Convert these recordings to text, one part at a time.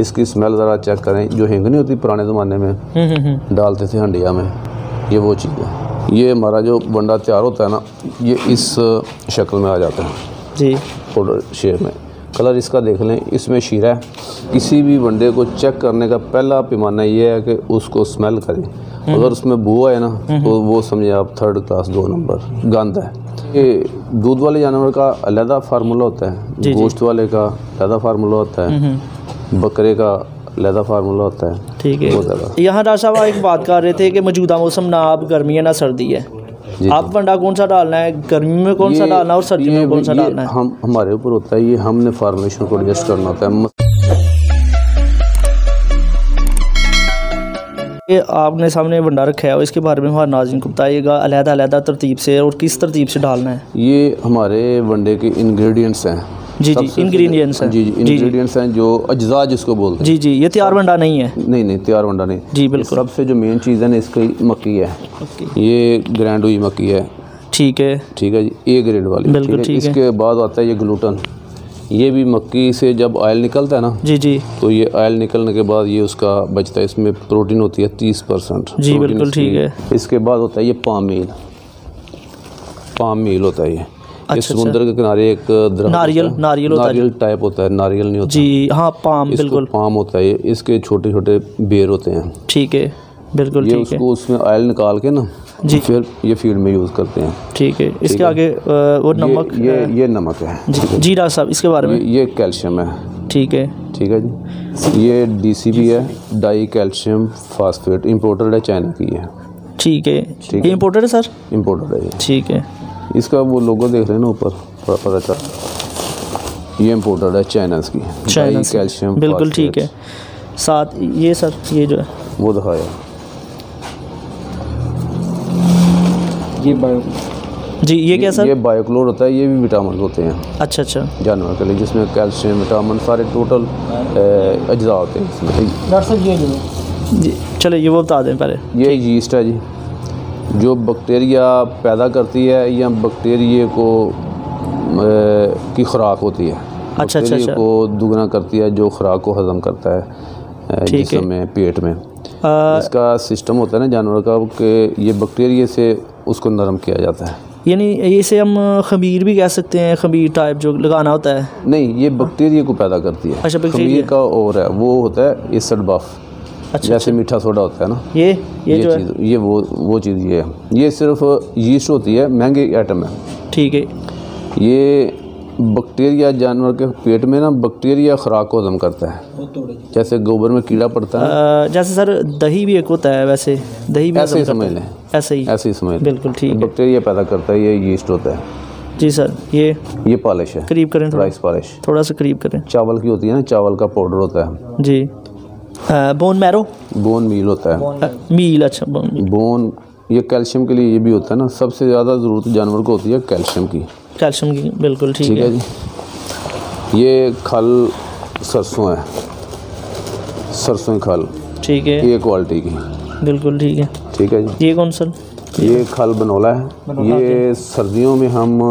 इसकी स्मेल ज़रा चेक करें जो हिंग नहीं होती पुराने ज़माने में हम्म, हम्म, हम्म। डालते थे हंडिया में ये वो चीज़ है ये हमारा जो बंडा तैयार होता है ना ये इस शक्ल में आ जाता है जी पाउडर शेप में कलर इसका देख लें इसमें शीरा है किसी भी बंडे को चेक करने का पहला पैमाना ये है कि उसको स्मेल करें अगर उसमें बुआ है ना तो वो समझे आप थर्ड क्लास दो नंबर गंद है ये दूध वाले जानवर का अलहदा फार्मूला होता है गोश्त वाले का अलहदा फार्मूला होता है बकरे का लहदा फार्मूला होता है ठीक है यहाँ डॉक्टर साहब एक बात कर रहे थे कि मौजूदा मौसम ना आप गर्मी है ना सर्दी है आप फंडा कौन सा डालना है गर्मी में कौन सा डालना है और सर्दी में कौन सा डालना है हम हमारे ऊपर होता है ये हमने फार्मेशन को एडजस्ट करना होता है ये आपने सामने बंडा रखा है और इसके बारे में हमारे नाजिन को बताइएगा अलहदा अलहदा तरतीब से और किस तरतीब से डालना है ये हमारे बंडे के इंग्रेडिएंट्स हैं जी जी इंग्रेडिएंट्स हैं जी जी इंग्रेडिएंट्स हैं जो अज्जा जिसको बोलते हैं जी जी ये त्यार वंडा नहीं है नहीं नहीं त्यार वंडा नहीं जी बिल्कुल सबसे जो मेन चीज़ है ना इसकी मक्की है ये ग्रैंड हुई मक्की है ठीक है ठीक है जी ए ग्रेड वाली बिल्कुल ठीक है इसके बाद आता है ये ग्लूटन ये भी मक्की से जब ऑयल निकलता है ना जी जी तो ये ऑयल निकलने के बाद ये उसका बचता है इसमें प्रोटीन होती है तीस परसेंट जी बिल्कुल ठीक है इसके बाद होता है ये पाम मील पाम मील होता है ये अच्छा, समुद्र अच्छा। के किनारे एक नारियल नारियल नारियल टाइप होता है नारियल नहीं होता जी हाँ पाम बिल्कुल पाम होता है इसके छोटे छोटे बेर होते हैं ठीक है बिल्कुल ये उसको उसमें ऑयल निकाल के ना जी फिर ये फील्ड में यूज़ करते हैं ठीक है इसके आगे वो नमक ये ये नमक है जीरा साहब इसके बारे में ये कैल्शियम है ठीक है ठीक है जी ये डीसीबी है डाई कैल्शियम फास्फेट इम्पोर्टेड है चाइना की है ठीक है ठीक है इम्पोर्टेड है सर इम्पोर्टेड है ठीक है इसका वो लोगो देख रहे हैं ना ऊपर पता चल ये इम्पोर्टेड है चाइना की चाइना कैल्शियम बिल्कुल ठीक है साथ ये सर ये जो है वो दिखाया ये जी ये, क्या सर ये बायोक्लोर होता है ये भी विटामिन होते हैं अच्छा अच्छा जानवर के लिए जिसमें कैल्शियम विटामिन सारे टोटल अज्जा होते हैं इसमें डॉक्टर साहब ये चलो ये वो बता दें पहले ये यीस्ट है जी जो बैक्टीरिया पैदा करती है या बक्टीरिए को ए, की खुराक होती है अच्छा अच्छा अच्छा को दुगना करती है जो खुराक को हजम करता है जिसम में पेट में आ, इसका सिस्टम होता है ना जानवर का कि ये बैक्टीरिया से उसको नरम किया जाता है यानी इसे हम खमीर भी कह सकते हैं खमीर टाइप जो लगाना होता है नहीं ये बैक्टीरिया को पैदा करती है अच्छा खमीर का और है वो होता है एसड बफ अच्छा जैसे अच्छा। मीठा सोडा होता है ना ये ये, ये जो चीज़ है? ये वो वो चीज़ ये है ये सिर्फ यीस्ट होती है महंगी आइटम है ठीक है ये बैक्टीरिया जानवर के पेट में ना बैक्टीरिया खुराक को हजम करता है जैसे गोबर में कीड़ा पड़ता है जैसे सर दही भी एक होता है वैसे दही भी ऐसे ही समझ लें ऐसे ही ऐसे ही समझ लें बिल्कुल ठीक बैक्टीरिया पैदा करता है ये यीस्ट होता है जी सर ये ये पॉलिश है करीब करें राइस पॉलिश थोड़ा सा करीब करें चावल की होती है ना चावल का पाउडर होता है जी बोन मैरो बोन मील होता है मील अच्छा बोन मील बोन ये कैल्शियम के लिए ये भी होता है ना सबसे ज़्यादा ज़रूरत जानवर को होती है कैल्शियम की कैल्शियम की बिल्कुल ठीक, ठीक है।, है जी ये खल सरसों है सरसों खल ठीक है ये क्वालिटी की बिल्कुल ठीक है ठीक है जी ये कौन सर ये खल बनोला है ये सर्दियों में हम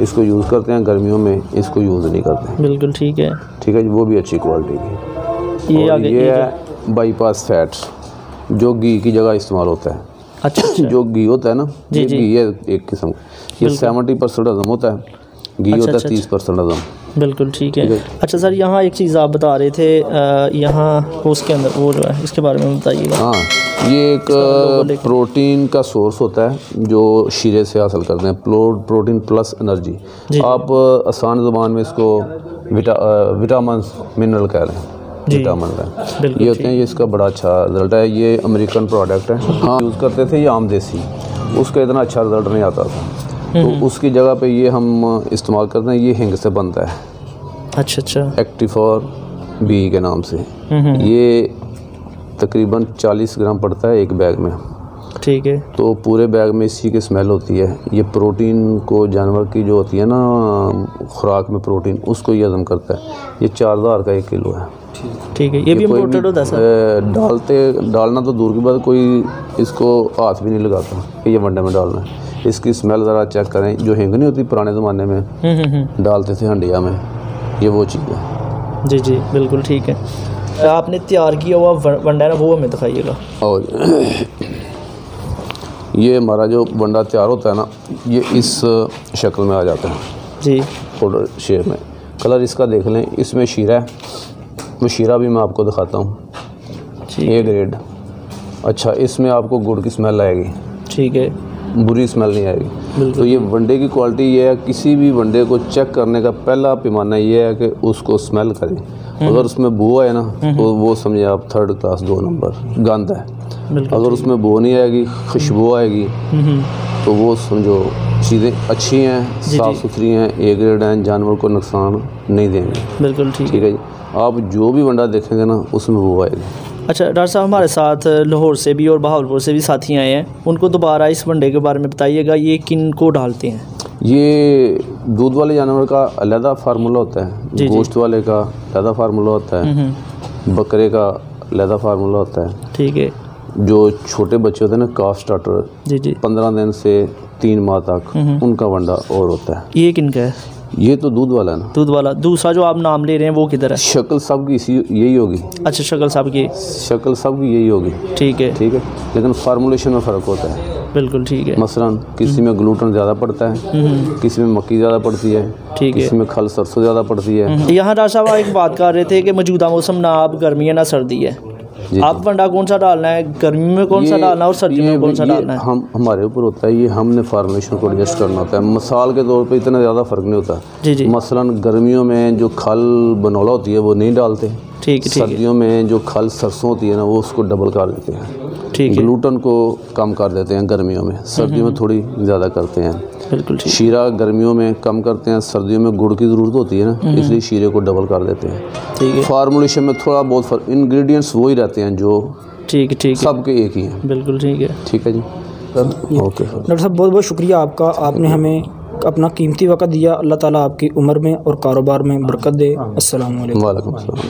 इसको यूज़ करते हैं गर्मियों में इसको यूज़ नहीं करते बिल्कुल ठीक है ठीक है जी वो भी अच्छी क्वालिटी की ये और ये है बाईपास फैट जो घी की जगह इस्तेमाल होता है अच्छा, अच्छा। जो घी होता है ना जी जी घी है एक किस्म ये सेवेंटी परसेंट हजम होता है घी अच्छा, होता है अच्छा, अच्छा। तीस परसेंट हजम बिल्कुल ठीक है अच्छा सर यहाँ एक चीज़ आप बता रहे थे यहाँ उसके अंदर वो जो है इसके बारे में बताइएगा हाँ ये एक प्रोटीन का सोर्स होता है जो शीरे से हासिल करते हैं प्रोटीन प्लस एनर्जी आप आसान ज़बान में इसको विटामिन मिनरल कह रहे हैं जीटा रहा है ये होते हैं ये इसका बड़ा अच्छा रिजल्ट है ये अमेरिकन प्रोडक्ट है हाँ यूज़ करते थे ये आम देसी उसका इतना अच्छा रिजल्ट नहीं आता था तो हम्म। उसकी जगह पे ये हम इस्तेमाल करते हैं ये हिंग से बनता है अच्छा अच्छा एक्टिव और बी के नाम से हम्म, हम्म। ये तकरीबन 40 ग्राम पड़ता है एक बैग में ठीक है तो पूरे बैग में इसी की स्मेल होती है ये प्रोटीन को जानवर की जो होती है ना खुराक में प्रोटीन उसको ही हजम करता है ये चार हज़ार का एक किलो है ठीक है ये, ये भी इम्पोर्टेड होता है डालते डालना तो दूर की बात कोई इसको हाथ भी नहीं लगाता कि ये वंडे में डालना है इसकी स्मेल ज़रा चेक करें जो हिंग नहीं होती पुराने ज़माने में हम्म, हम्म, हम्म। डालते थे हंडिया में ये वो चीज़ है जी जी बिल्कुल ठीक है आपने तैयार किया हुआ वंडा ना वो हमें दिखाइएगा और ये हमारा जो बंडा तैयार होता है ना ये इस शक्ल में आ जाता है जी पाउडर शेप में कलर इसका देख लें इसमें शीरा है वो शीरा भी मैं आपको दिखाता हूँ ए ग्रेड अच्छा इसमें आपको गुड़ की स्मेल आएगी ठीक है बुरी स्मेल नहीं आएगी तो ये वनडे की क्वालिटी ये है किसी भी वनडे को चेक करने का पहला पैमाना ये है कि उसको स्मेल करें हम्म। अगर उसमें बुआ है ना हम्म। तो वो समझे आप थर्ड क्लास दो नंबर गंद है अगर उसमें बो नहीं आएगी खुशबू हम्म। आएगी हम्म। तो वो समझो चीज़ें अच्छी हैं साफ़ सुथरी हैं ए ग्रेड हैं जानवर को नुकसान नहीं देंगे बिल्कुल ठीक है आप जो भी वंडा देखेंगे ना उसमें वो आएगी अच्छा डॉक्टर साहब हमारे साथ लाहौर से भी और बहावलपुर से भी साथी आए हैं उनको दोबारा इस वंडे के बारे में बताइएगा ये किन को डालते हैं ये दूध वाले जानवर का अलहदा फार्मूला होता है गोश्त वाले का अलहदा फार्मूला होता है हम्म, बकरे का अलहदा फार्मूला होता है ठीक है जो छोटे बच्चे होते हैं ना काफ स्टार्टर जी जी पंद्रह दिन से तीन माह तक उनका वंडा और होता है ये किनका है ये तो दूध वाला ना दूध वाला दूसरा जो आप नाम ले रहे हैं वो किधर है शक्ल साहब की इसी यही होगी अच्छा शक्ल साहब की शक्ल साहब की यही होगी ठीक है ठीक है लेकिन फार्मूलेशन में फ़र्क होता है बिल्कुल ठीक है मसलन किसी में ग्लूटन ज़्यादा पड़ता है किसी में मक्की ज़्यादा पड़ती है ठीक है किसी में खल सरसों ज़्यादा पड़ती है यहाँ राशा एक बात कर रहे थे कि मौजूदा मौसम ना अब गर्मी है ना सर्दी है आप फंडा कौन सा डालना है गर्मी में कौन सा डालना है और सर्दी में कौन सा डालना है हम हमारे ऊपर होता है ये हमने फार्मेशन को एडजस्ट करना होता है मसाल के तौर पर इतना ज़्यादा फ़र्क नहीं होता जी जी मसलन गर्मियों में जो खल बनौला होती है वो नहीं डालते ठीक सर्दियों में जो खल सरसों होती है ना वो उसको डबल कर देते हैं ठीक ग्लूटन को कम कर देते हैं गर्मियों में सर्दियों में हम्म। थोड़ी ज़्यादा करते हैं बिल्कुल शीरा गर्मियों में कम करते हैं सर्दियों में गुड़ की ज़रूरत होती है ना हम्म। इसलिए शीरे को डबल कर देते हैं ठीक है फार्मोलेशन में थोड़ा बहुत फर्क इंग्रेडिएंट्स वही रहते हैं जो ठीक ठीक सबके एक ही हैं बिल्कुल ठीक है ठीक है जी ओके डॉक्टर साहब बहुत बहुत शुक्रिया आपका आपने हमें अपना कीमती वक़्त दिया अल्लाह ताला आपकी उम्र में और कारोबार में बरकत दे हाँ। अस्सलाम वालेकुम